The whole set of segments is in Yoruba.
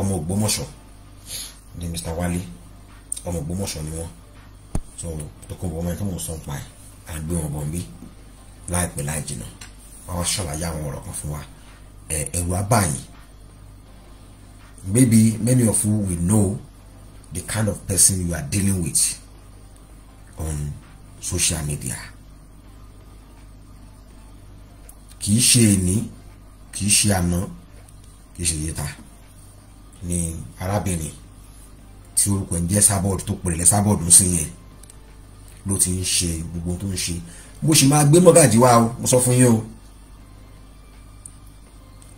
ọmọ Ògbómọ̀ṣọ́ ni Mr. Wálé ọmọ Ògbómọ̀ṣọ́ ni wọ́n so Tókunbọ̀ ọmọ ẹ̀kọ́ mọ̀ sọ̀ ń pa ẹ̀ à ń gbé wọn bọ̀ ń bí láìpẹ́ láì jìnnà wọ́n wá ṣàlàyé àwọn ọ̀rọ̀ kan fún wa ẹ̀rù abáyìn maybe many of you will know the kind of person you are dealing with on social media kì í ṣe èní kì í ṣe àná kì í ṣe yẹta ni arábìnrin tí orúkọ ń jẹ́ sábọ̀dù tó pèrè lẹ́ sábọ̀dù ń sìn yẹn ló ti ń ṣe gbogbo tó ń ṣe mo sì máa gbé mọ́gàjì wá o mo sọ fún yín o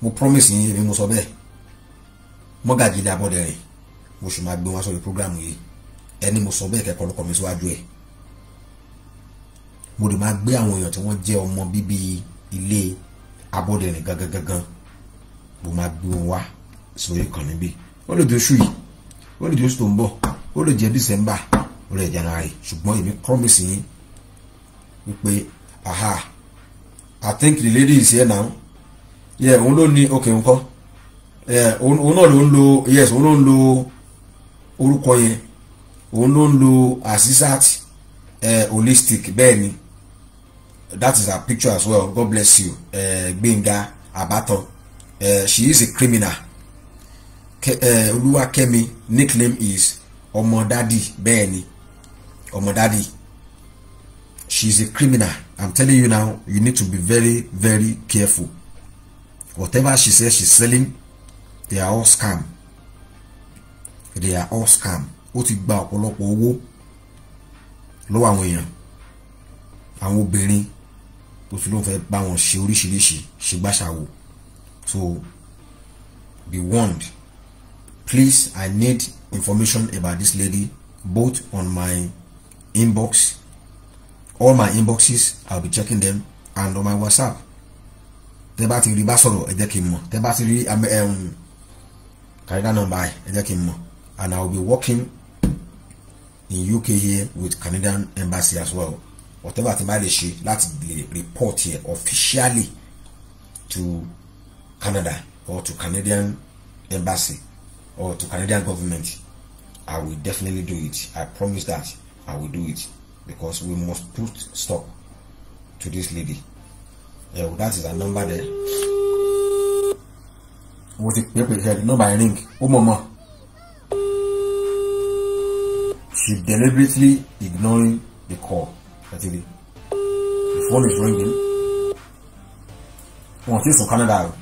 mo promise yín èmi mo sọ bẹ́ẹ̀ mọ́gàjì ilé abọ́dẹ rẹ̀ mo sì máa gbé wọn sórí programu yìí ẹni mo sọ bẹ́ẹ̀ kẹ́kọ̀ọ́ lọ́kọ̀ mi síwájú ẹ̀ mo lè máa gbé àwọn èèyàn tí wọ́n jẹ́ ọmọ bíbí ilé abọ́dẹ rẹ̀ gangan gangan mo máa gbé wọn wá sórí ìkànnì bí ó lè jẹ́ oṣù yìí ó lè jẹ́ oṣù tó ń bọ̀ ó lè jẹ́ dísẹ́mbà ó lè jẹ́ january ṣùgbọ́n èmi promise yín wípé aha i think the lady is here now yeah òun ló ní okay ńkọ́ òun náà ló ń lo yes òun ló ń lo orúkọ yẹn òun ló ń lo asisat eh, holistic bẹ́ẹ̀ ni that is her picture as well god bless you eh, gbẹ̀ngà abatan eh, she is a criminal Olúwakẹ́mi nickname is ọmọ dádì bẹ́ẹ̀ ni ọmọ dádì she is a criminal i'm telling you now you need to be very very careful whatever she says she's selling they are all scam they are all scam O ti gba ọ̀pọ̀lọpọ̀ owó lọ́wọ́ àwọn èèyàn àwọn obìnrin tó tún ló ń fẹ́ bá wọn ṣe oríṣiríṣi ṣe gbàṣàwò so be warned please i need information about this lady both on my inbox all my inboxes i'll be checking them and on my whatsapp tẹ bá ti rí bá sọ̀rọ̀ ẹ jẹ́ kí n mọ̀ tẹ bá ti rí um, um, Canada number ẹ jẹ́ kí n mọ̀ and i will be working in uk here with Canadian embassy as well whatever ti máa lè ṣe láti lè report here officially to Canada or to Canadian embassy or to Canadian government, I will definitely do it. I promise that I will do it because we must put stop to this lady. Yeah, well, that is a number there. What ti pè pè head number ring ó mọ̀ mọ̀. She deliberately ignoring the call. Actually, the phone is ringing. Want ti sùn Canada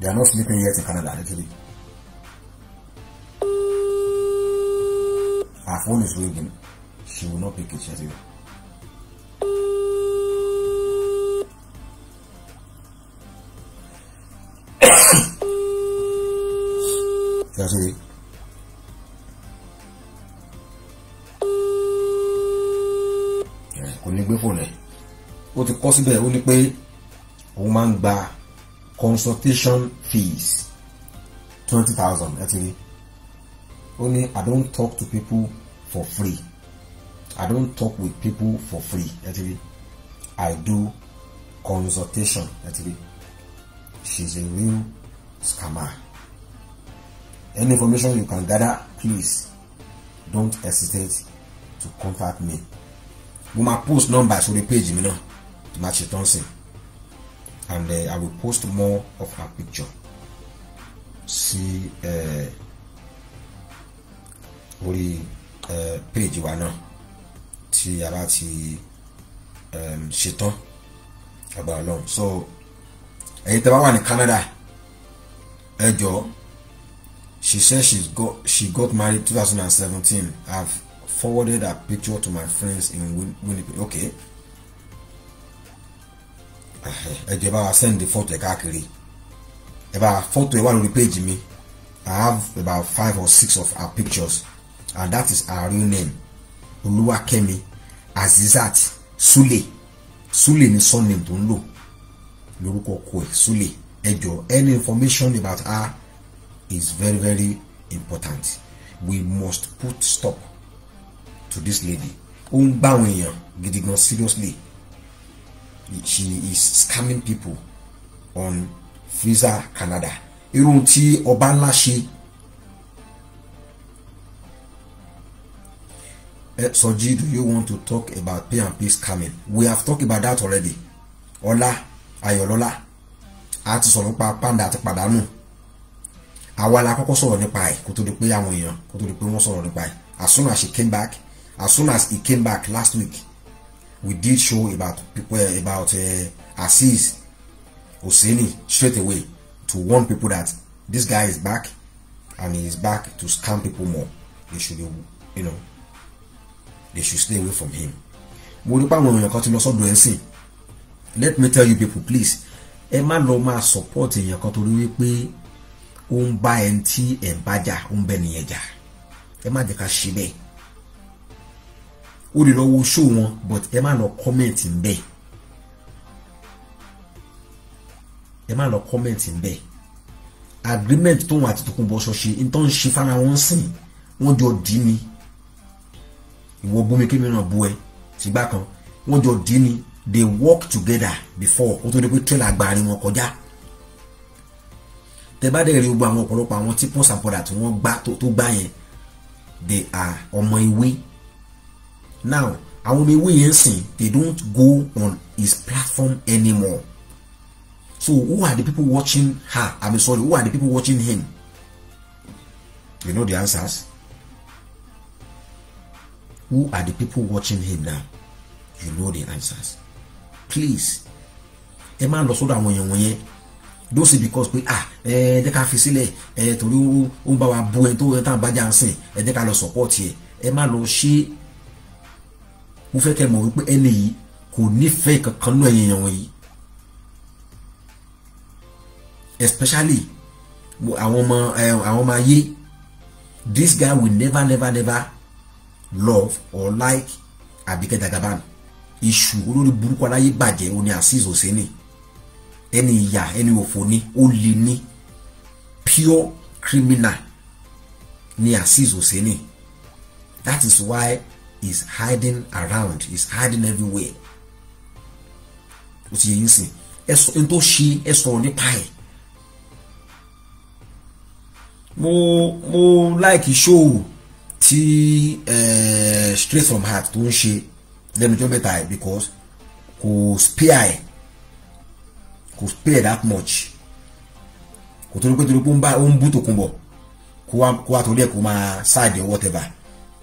They are not sleeping yet in Canada, Literally, Her phone is ringing. She will not pick it, she will. Seriously. kò ní gbé fóònù ẹ̀ ó ti kọ́ síbẹ̀ ó ní pé òun máa ń gba consultation fees twenty thousand ẹ ti ó ní i don't talk to people for free i don't talk with people for free ẹ ti i do consultation ẹ ti rí she's a real scammer any information you can gather please don't hesitate to contact me mo máa post number sórí page mi náà tí máa ṣe tán sí i and uh, I will post more of her picture. See uh, orí uh, page wa náà tí a about ti um, ṣetán agbára lọ́hùn so ẹ̀yin tẹ́ bá wà ní Canada Ejo. she says she's got she got married 2017 I've forwarded a picture to my friends in Winnipeg okay ẹ jẹ́ bá wa send fọ́tò ẹ̀ káàkiri ẹ photo fọ́tò ẹ̀ wà lórí péjì mi I have about five or six of her pictures and that is her real name Olúwakẹ́mi Azizat Sule Sule ni surname tó ń lò lórúkọ ọkọ ẹ̀ Sule ẹ any information about her is very very important we must put stop to this lady ó ń gbà àwọn èèyàn gidi seriously she is scamming people on visa Canada irú tí ọba ńlá ṣe eh, Soji do you want to talk about pay and pay scamming we have talked about that already ọlá ayọ̀lọ́lá a ti sọ̀rọ̀ nípa panda àti pàdánù àwa la kọ́kọ́ sọ̀rọ̀ nípa ẹ̀ kó tó di pé àwọn èèyàn kó tó di pé wọ́n sọ̀rọ̀ nípa ẹ̀ as soon as she came back as soon as he came back last week we did show about people uh, about uh, Aziz Oseni straight away to warn people that this guy is back and he is back to scam people more they should be you know they should stay away from him mo rí pàwọn èèyàn kan ti lọ sọ́dọ̀ ẹ̀ sìn let me tell you people please Emma má supporting your country èèyàn kan torí wípé ó ń bá ẹni tí ẹ̀ ń bá jà o lè lọ wo show wọn but ẹ má lọ comment ńbẹ ẹ má lọ comment ńbẹ agreement tóun àti Tòkunbọ̀sọ̀ ṣe nítorí ń ṣe fara wọn sìn wọ́n jọ dì í ni ìwọ bómi kí mi náà bú ẹ sígbà kan wọ́n jọ dì í ni they work together before ó tó dé pé trailer gba àárín wọn kọjá tẹ bá dẹ̀ rí gbogbo àwọn ọ̀pọ̀lọpọ̀ àwọn tí pọ́sàpọ̀dà tí wọ́n gbá tó gbá yẹn they are ọmọ ewé now àwọn ọmọ ewé yẹn sìn they don't go on his platform anymore so who are the people watching her i mean sorry who are the people watching him you know the answers who are the people watching him now you know the answers please ẹ máa lọ sọ́dọ̀ àwọn èèyàn wọ̀nyẹn dóòsì because pé ah ẹ ẹ jẹ́ ká fi sílẹ̀ ẹ torí ó ń bá wa bu ẹ tó ẹ tá à bá jà ń sìn ẹ jẹ́ ká lọ support ẹ ẹ má lọ ṣe mo fẹ́ kẹ́ mọ̀ wípé ẹni yìí kò nífẹ̀ẹ́ kankan nú ẹ̀yìn èèyàn wọ̀nyí especially àwọn ọmọ eh, àwọn ọmọ ayé this guy will never never never love or like Abike Jagaban iṣu olórí burúkú aláyé bàjẹ́ ó ní Azeez Oseni ẹni ìyà ẹni òfò ni ó lè ní pure criminal ni Azeez Oseni that is why is hiding around is hiding everywhere o ti yẹ yín sìn ẹ sọ n tó ṣe ẹ sọ̀rọ̀ nípa mo mo like show ti uh, eh, straight from heart tó ń ṣe lẹ́nu jọ́ mẹ́ta ẹ̀ because kò spare ẹ̀ kò spare that much kò torí pé torí pé ó ń bú tòkun bọ̀ kó wá torí ẹ̀ kó máa ṣáàdì or whatever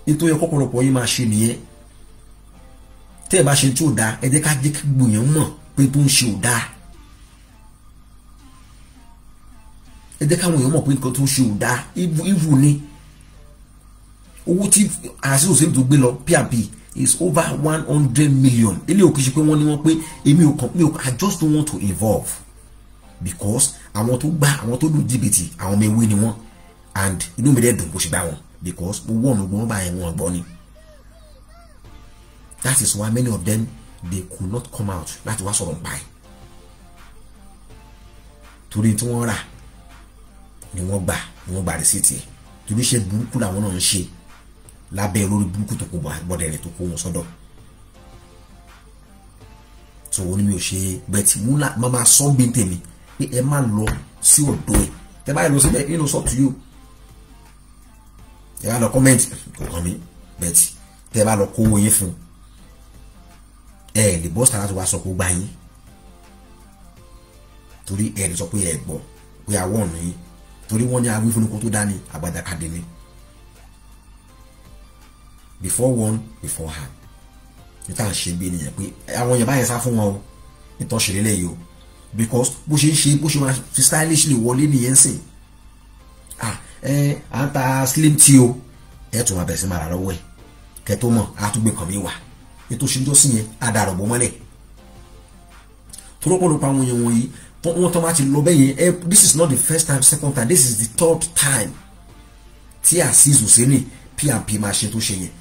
nítorí ẹ̀kọ́ ọ̀pọ̀lọpọ̀ yín máa ṣe nìyẹn tẹ́ ẹ̀ bá ṣe tí ò dáa ẹ jẹ́ ká jẹ́ kí gbòyàn mọ̀ pé tó ń ṣe ò dáa ẹ jẹ́ káwọn èèyàn mọ̀ pé nǹkan tó ń ṣe ò dáa ìwù ni owó tí àṣìṣe òṣèlú tó gbé lọ pmp is over one hundred million ilé òkè ṣe pé wọ́n ní wọ́n pé èmi ò kàn mí ò I just don't want to involve because àwọn tó gbá àwọn tó lu jìbìtì àwọn ọmọ ewé ni wọ́n and inú mi dẹ̀ dùn bó ṣe bá wọn because gbogbo ọ̀nà gbọ́n bá ẹ̀wọ̀n gbọ́ ni that is why many of them they could not come out láti wá sọ̀rọ̀ nípa ẹ̀ torí tí wọ́n rà ni wọ́n gbà ni wọ́n gbà rìsíìtì ẹ̀ torí iṣẹ́ burúkú làwọn náà ń ṣe lábẹ́ olórí burúkú tó kó bọ́dẹ̀ rẹ̀ tó kó wọn sọ́dọ̀ so wọn ni mi ò ṣe bẹ́ẹ̀tì mú la máa sọ́ọ́ bí tèmi pé ẹ má lọ sí ọ̀dọ̀ ẹ̀ tẹ́ báyìí lọ síbẹ̀ inú sọ́ọ̀tù yóò ẹ bá lọ kọ́mẹ́ǹtì kò kàn mí bẹ́ẹ̀tì tẹ́ ẹ bá lọ kówó yín fún ẹ lè bọ́ sàrà tó wá sọ pé ó gbá yín torí ẹ lè sọ pé ẹ gbọ́ pé àwọn ọ̀nà yín torí wọ́n ní awí fúnukú tó dání àgbàdàkadì ni before one before her níta ń ṣe bí ènìyàn pé àwọn yẹn báyẹn sá fún wọn o nítorí ṣe lélẹ̀ yìí o because bó ṣe ń ṣe bó ṣe máa fi stylishly wọlé nìyẹn sìn ah à ń ta slim tea o ẹ tún máa bẹ̀rẹ̀ sí máa lọ́wọ́ ẹ kẹ mọ̀ á tún gbé kàn mí wá ètò ìṣèjọ́ sí yẹn á dàrọ̀ bó mọ́lẹ̀ tọ́lọ́pọ̀lọpọ̀ àwọn èèyàn wọ̀nyí wọ́n tán bá ti lọ bẹ́yẹn this is not the first time second time this is the third time tí Azeez Hussaini pnp máa ṣe tó ṣe yẹn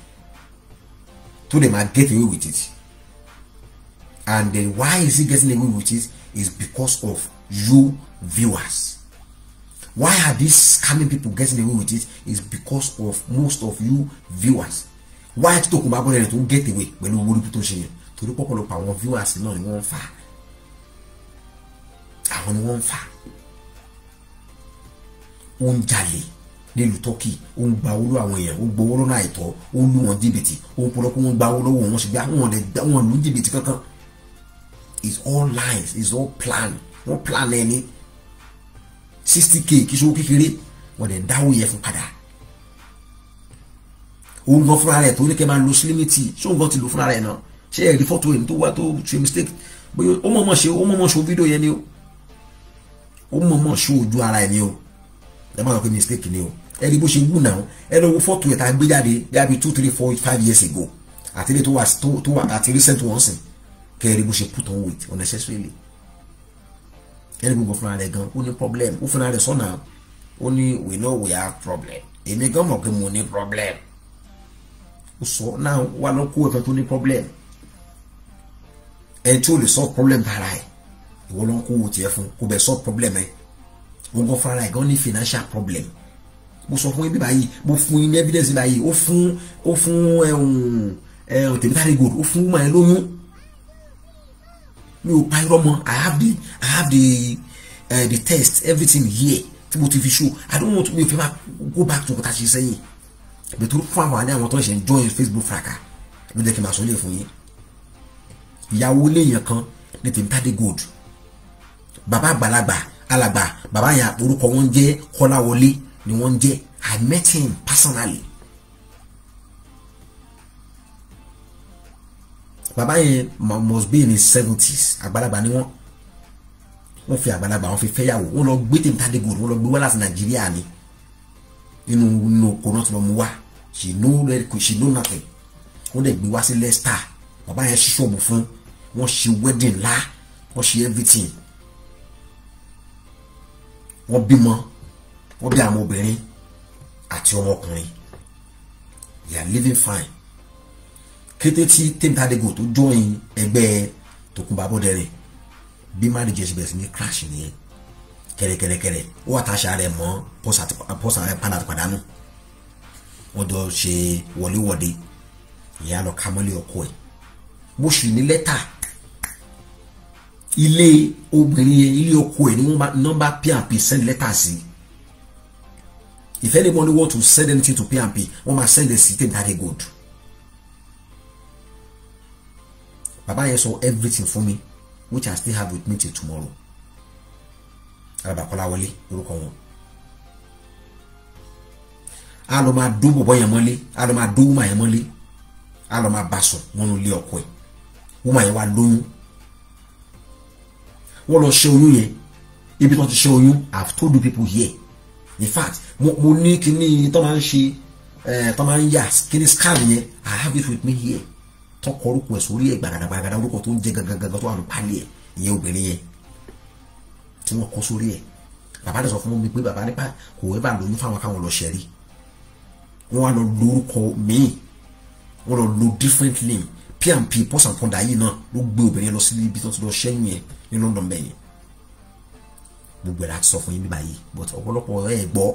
tó dẹ̀ máa get away with it and then why is he getting away with it is because of you viewers why are these scamming people getting away with it is because of most of you viewers why títò kò bá gbọ́dọ̀ rẹ̀ tó ń get away pẹ̀lú owó orí tó ṣe yẹn torí pọ̀pọ̀lọpọ̀ àwọn viewers náà ni wọ́n ń fà àwọn ni wọ́n ń fà ó ń jalè nílùú tọ́kì ó ń gba owó lọ́wọ́ àwọn èèyàn ó gbowó lọ́nà àìtọ́ ó lù wọ́n jìbìtì ó ń pọ̀lọpọ̀ wọ́n gba owó lọ́wọ́ wọn ṣùgbọ́n àwọn ọ̀dẹ̀ wọn lù jìbìtì kankan it's all lies it's all plan No plan any sixty k kì í ṣe owó kékeré wọ́n dẹ̀ ń dáwó yẹn fún padà òun gan fúnra rẹ̀ tó ní kẹ́ máa lo sílímìtì ṣé gan ti lò fúnra rẹ̀ náà ṣé ẹ̀rí fọ́tò rẹ̀ tó wá tó ṣe mistake bóyá ó mọ̀ọ́mọ̀ ṣe ó mọ̀ọ́mọ̀ ṣe fídíò yẹn ni o ó mọ̀ọ́mọ̀ ṣe ojú ara ẹ̀ ni o ẹ má lọ pé mistake ni o ẹ rí bó ṣe wù náà ẹ lọ wo fọ́tò ẹ̀ tá a gbé jáde bíi two three four five years ago àti ilé tó wà àti recent ones kẹ́ ẹ rí bó ṣe put on weight unnecessarily ẹni gbogbo fúnra rẹ̀ gan ó ní problem ó fúnra rẹ̀ sọ̀nà ó ní we know we have problem èmi gan mọ̀ pé mo ní problem ó sọ náà wà lọ kó ẹ̀fẹ̀ tó ní problem ẹni tí ó lè solve problem tara ẹ̀ ìwọ ló ń kó owó tiẹ̀ fún kó bẹ̀ solve problem ẹ̀ wọ́n gan fúnra rẹ̀ gan ní financial problem mo sọ fún yín báyìí mo fún yín evidence báyìí ó fún ó fún ẹ̀hún ẹ̀hún tèmítàrí gold ó fún mọ̀ lóyún mi ò pa irọ́ mọ́ i have the i have the uh, the test everything here tí mo ti fi show i don't want to mi ò fẹ́ máa go back to what I a ṣe sẹ́yìn bẹ̀tú fún àwọn àlẹ́ àwọn tó ń ṣe join facebook fraka ló jẹ́ kí n máa sọ lè fún yín ìyàwó léèyàn kan ní tèmítàdé gold bàbá àgbàlagbà alàgbà bàbá yẹn orúkọ wọn jẹ́ kọ́láwọlé ni wọ́n jẹ́ i met him personally bàbá yẹn must be in his seventies àgbàlagbà ni wọ́n wọ́n fi àgbàlagbà wọ́n fi fẹ́yàwó wọ́n lọ gbé tèmi tàdé gòrò wọ́n lọ gbé wá láti nàìjíríà ni nínú nínú oko náà ti lọ mú wá she know she know nothing wọ́n dẹ̀ gbé wá sí Leicester bàbá yẹn ṣí ṣọ́ọ̀bù fún wọ́n ṣe wedding lá wọ́n ṣe everything wọ́n bímọ wọ́n bí àwọn obìnrin àti ọmọkùnrin they are living fine kété tí Temi Adegoke tó join ẹgbẹ́ Tokunbo Aboderin bí marriage jẹ́ síbẹ̀ sí ní crash nìyẹn kẹrẹkẹrẹkẹrẹ ó wà táṣà rẹ̀ mọ́ pọ́sà rẹ̀ padà pàdánù wọ́n jọ ṣe wọléwọ̀de ìyá lọ ka mọ́lé ọkọ ẹ̀ bó ṣì ní lẹ́tà ilé obìnrin yẹn ilé ọkọ ẹ̀ ní nọ́mbà pnp send lẹ́tà sí if anyone want to send anything to pnp wọ́n máa send it sí Temi Adegoke bàbá yẹn sọ everything for me, which I still have with me till tomorrow alábàkọ́lá wọlé orúkọ wọn a lọ máa dó bọ̀bọ̀ yẹn mọ́lé a lọ máa dó wúmà yẹn mọ́lé a lọ máa bá sùn wọnú ilé ọkọ ẹ̀ wúmà yẹn wá lóyún wọ́n lọ ṣe oyún yẹn ibi tó ti ṣe oyún I have told you people here in fact mo mo ní kíní tó máa ń ṣe eh, tó máa ń yà kíní scarf yẹn I have it with me here tọkọ orúkọ ẹ̀ sórí ẹ̀ gbàgàdàgbàgàdà orúkọ tó ń jẹ gàgàgàgà tó wà ní pálí ẹ̀ ìyẹn obìnrin yẹn tí wọ́n kọ́ sórí ẹ̀ bàbá rẹ̀ sọ fún mi pé bàbá nípa kò ẹ̀ bá lóyún fáwọn káwọn lọ ṣẹ̀rí wọ́n wá lọ lórúkọ míì wọ́n lọ lo different name pmp pọ́sà pọ́ndà yìí náà ló gbé obìnrin lọ sí ibi tó ti lọ ṣẹ́yìn yẹn ní London bẹ́ẹ̀ yẹn gbogbo ẹ̀ láti sọ fún yín bíbá yìí but ọ̀pọ̀lọpọ̀ ẹ̀ gbọ́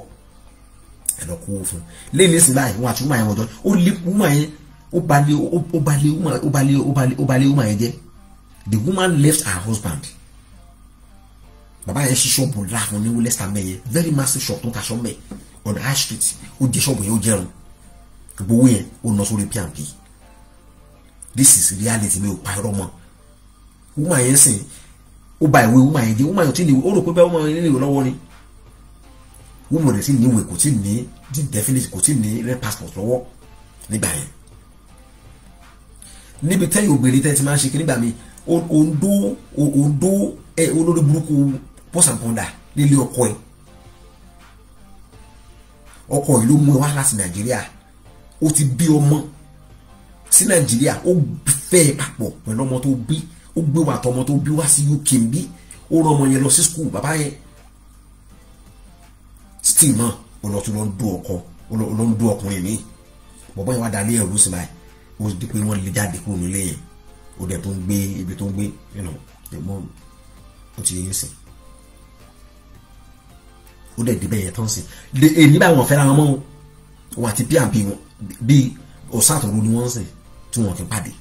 ẹ̀ lọ kó fún lẹ́yìn nísìnyí báyìí wọn àti wúmọ̀ yẹn wọ́n jọ ó lé wúmọ̀ yẹn ó balẹ̀ ó balẹ̀ ó balẹ̀ ó balẹ̀ ó balẹ̀ ó máa jẹ́ the woman left her husband bàbá yẹn ṣí ṣọ́ọ̀bù ńlá fún ní wúlẹ́sà mẹ́yẹ very massive shop tó ń taṣọ mẹ́ on high street ó jẹ ṣọ́ọ̀bù yẹn ó jẹun gbowó yẹn ó nọ sórí pmp this is reality mi ò pa irọ́ mọ́ woman yẹn sìn ó ba ìwé woman yẹn jẹ́ woman yẹn ò tí ì ní ó rò pé bẹ́ẹ̀ woman yẹn ní ìwé lọ́wọ́ ni woman yẹn sì ní ìwé kò tí ì ní the definite kò tí ì ní red passport lọ́wọ́ nígbà yẹn níbi tẹ́yìn obìnrin tẹ́ ti máa ń ṣe kí nígbà mi òǹdó òǹdó ẹ olórí burúkú pọ́sàpọ́ndà nílé ọkọ ẹ ọkọ ẹ ló mú ẹ wá láti nàìjíríà ó ti bí ọmọ sí nàìjíríà ó fẹ́ ẹ papọ̀ pẹ̀lú ọmọ tó bí ó gbé wà tọmọ tó bí wá sí uk ń bí ó rán ọmọ yẹn lọ sí skul bàbá yẹn still náà ó lọ tún lọ ń dú ọkọ ó lọ ń dú ọkùnrin mi bọ̀bọ́ yẹn wá dalé ẹ̀rú sí báyìí ó di pé wọ́n lè jáde kúrò nílé yẹn ó dẹ̀ tó ń gbé ibi tó ń gbé ẹ̀gbọ́n ó ti yẹn sìn ó dẹ̀ débẹ̀ yẹn tán sìn èyí báyìí wọ́n fẹ́ra wọn mọ́ wọn àti pnp wọn bíi ọ̀sàtòru ni wọ́n ń sìn tí wọ́n kì í pàdé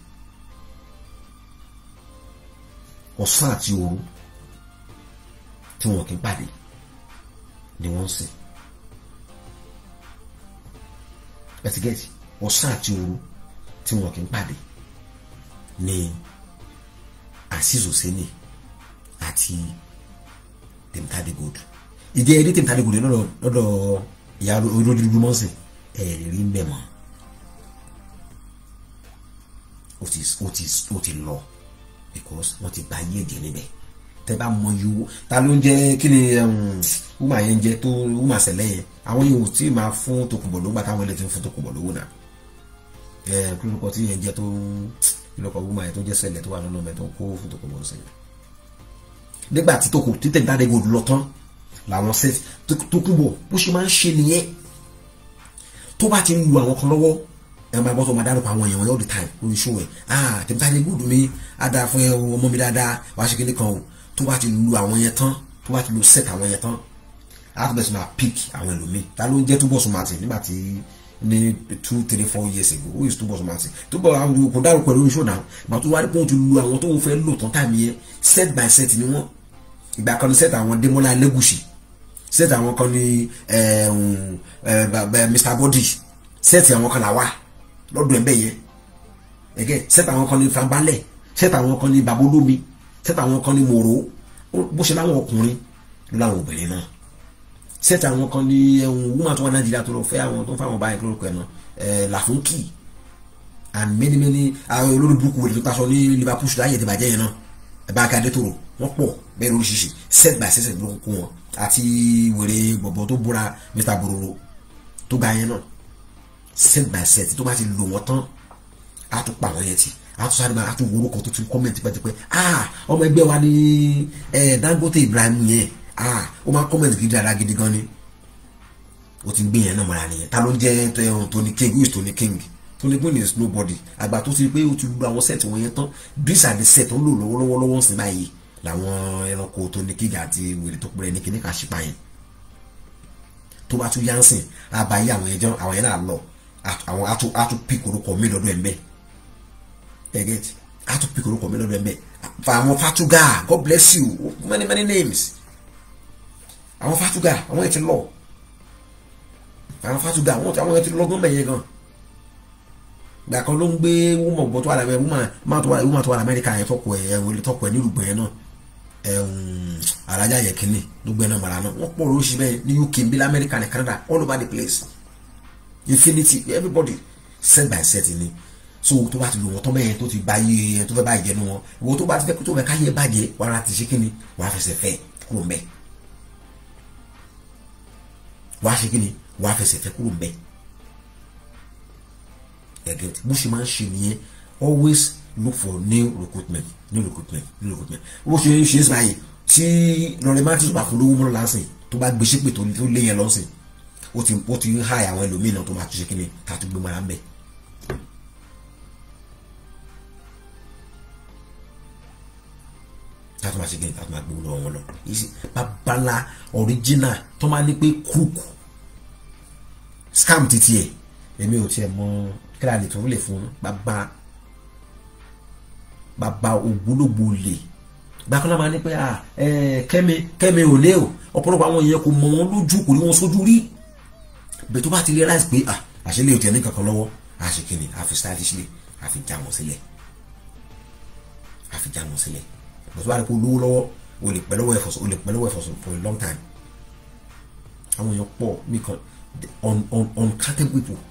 ọ̀sán àti òru tí wọ́n kì í pàdé ni wọ́n ń sìn ẹ̀sìgẹ́sì ọ̀sán àti òru tí wọn kì í pàdé ní azeez oseni àti tèmítàdé gold ìdí ẹ̀rí tèmítàdé gold lọ́dọ̀ ìyá olójoojúmọ́ sí ẹ̀rí ń bẹ̀ mọ́ ó ti ó ti ó ti lọ because wọ́n ti bá yé èdè níbẹ̀ tẹ bá mọ iye owó ta ló ń jẹ kí ni um, wúmà yẹn ń jẹ tó wúmà sẹlẹ yẹn àwọn yòówù tí máa fún tòkùnbọ̀ lówó gbà táwọn ilé ń fún tòkùnbọ̀ lówó náà kí ló kọ tí yẹn jẹ tó kí ló kọ wúma yẹn tó jẹ sẹlẹ tó wà nínú mẹ tó ń kó fún tòkòmọ sẹlẹ nígbà tí tòkò títẹ̀ dáadé gò lọ tán làwọn sẹ tókùbọ̀ bó ṣe máa ń ṣe nìyẹn tó bá ti ń lu àwọn kan lọ́wọ́ ẹ máa bọ́ tó máa dárúkọ àwọn èèyàn all the time lórí show ẹ̀ ah tèmi táyé gúdù mi á dáa fún ẹ ọmọ mi dáadáa wàá ṣe kíní kan o tó bá ti lu àwọn yẹn tán tó bá ti lu set àwọn yẹn tán á tó bẹ̀sùn máa pick àwọn ẹlòmíì ta ló ń jẹ́ túbọ̀ sùn màtì nígbà tí ní two three four years ago who is Túbọ̀ Sọmásì Túbọ̀ kò dárúkọ lórí show náà màá tún wá rí pé wọ́n ti lu àwọn tó ń fẹ́ lò tán tàbí yẹn set by set ni wọ́n ìgbà kan ní set àwọn Démọ́lá Ẹlẹ́gùṣì set àwọn kan ní eh, Mr Body set àwọn kan làwà lọ́dún ẹ̀ bẹ́ẹ̀ yẹn ẹ̀gẹ́ set àwọn kan ní Fabalẹ̀ set àwọn kan ní Babolómi set àwọn kan ní Mòró bó ṣe láwọn ọkùnrin ló láwọn obìnrin náà sẹ́tà àwọn kan ní ẹ̀hún woman tó wà nàìjíríà tó lọ fẹ́ àwọn tó ń fáwọn báyìí lórúkọ ẹ̀ náà eh, làfúnkì and many many àwọn olórí burúkú wòlé tó taṣọ ní Liverpool láyé ìdìbàjẹ́ yẹn náà ẹ̀bá akadé tòrò wọ́n pọ̀ bẹ́ẹ̀ lóríṣiríṣi set by set ló ń kó wọn àti wèrè bọ̀bọ̀ tó bóra Mr Bororo tó ga yẹn náà set by set tó bá ti lò wọ́n tán á tún pa àwọn yẹn ti á tún sáré máa á tún wo orúkọ tó tún kọ́mẹ̀ tipẹ́tipẹ́ ah ọmọ ẹgbẹ́ wa ní eh, Dangote ah ó máa ń comment gidi dáadáa gidi gan ni ó ti gbé náà mọ́ra nìyẹn ta ló ń jẹ́ Tony King who is Tony King Tony King is nobody àgbà tó ti pé ó ti gbogbo àwọn set wọn yẹn tán these are the set ó lò lọ́wọ́lọ́wọ́ sí báyìí làwọn ẹranko Tony King àti wèrè tó pèrè ní kíní kàṣípa yẹn tó bá tún yánsìn àbáyé àwọn ẹjọ́ àwọn yẹn náà lọ àwọn atúpìkì orúkọ mi lọ́dọ̀ ẹ̀ mbẹ́ ẹ̀ gẹ́tì atúpìkì orúkọ mi lọ́dọ̀ ẹ̀ mbẹ́ àwọn fatuga God bless you many many names àwọn fatuga àwọn yẹn ti lọ àwọn fatuga àwọn yẹn ti lọ́gbọ́n bẹ̀yẹn gan gbà kan ló ń gbé wúmọ̀ gbọ́ tó wà lábẹ́ wúmọ̀ tó wà lamẹ́ríkà yẹn tọkọ ẹ̀ wọlé tọkọ ẹ̀ nílùú gbẹ̀yẹn náà alájà yẹ kínní ló gbẹ náà mọ̀ra náà wọ́n pọ̀ lóṣù bẹ́ẹ̀ ní UK bí lamẹ́ríkà ní Canada all over the place infinity everybody set by set ni so tó bá ti lò wọ́n tọ́ bẹ́ẹ̀ tó ti bá yé yẹn tó fẹ́ bá yẹ nu wọn ìwọ tó bá ti fẹ́ kó tó fẹ́ ká yẹ bàjẹ́ wàrà ti ṣe kínní wàá fẹsẹ̀ fẹ́ kúrò mẹ́ẹ̀ wàá ṣe kí ni wàá fẹsẹ̀ fẹ́ kúrò mbẹ́ ẹ̀gẹ́ bó ṣe máa ń ṣe nìyẹn always look for new recruitment new recruitment new recruitment bó ṣe ṣe é sáyé tí lọ́rẹ́ máa ti sọ̀rọ̀ àkúndówó mọ́ lásìn tó bá gbé ṣépè tó lé yẹn lọ́sìn ó ti ń háyà àwọn ẹlòmíràn tó máa tún ṣe kí ni tàtúgbò máa ń láti máa ṣe kí ni láti máa gbowó lọ́wọ́ babala original tó máa ní pé crook scam titi ẹ̀ èmi ò tiẹ̀ mọ kíra lè tún lè fún bàbá bàbá ògbólógbò lè bákan náà máa ní pé ah, eh, kẹ́mi kẹ́mi ò lé o ọ̀pọ̀lọpọ̀ àwọn èèyàn kò mọ̀ wọ́n lójú kò ní wọ́n sójú rí bẹ́ẹ̀ tó bá ti realize pé ah, àṣẹlẹ̀ ò tiẹ̀ ní kankan lọ́wọ́ àṣekìnì àfi stylishly àfi já wọn sílẹ̀ àfi já wọn sílẹ̀ bó tó bá rí pé olówó lọ́wọ́ o lè pẹ́ lọ́wọ́ ẹ̀fọ̀sùn o lè pẹ́ lọ́wọ́ ẹ̀fọ̀sùn for a long time àwọn èèyàn pọ̀ mí kan uncountable people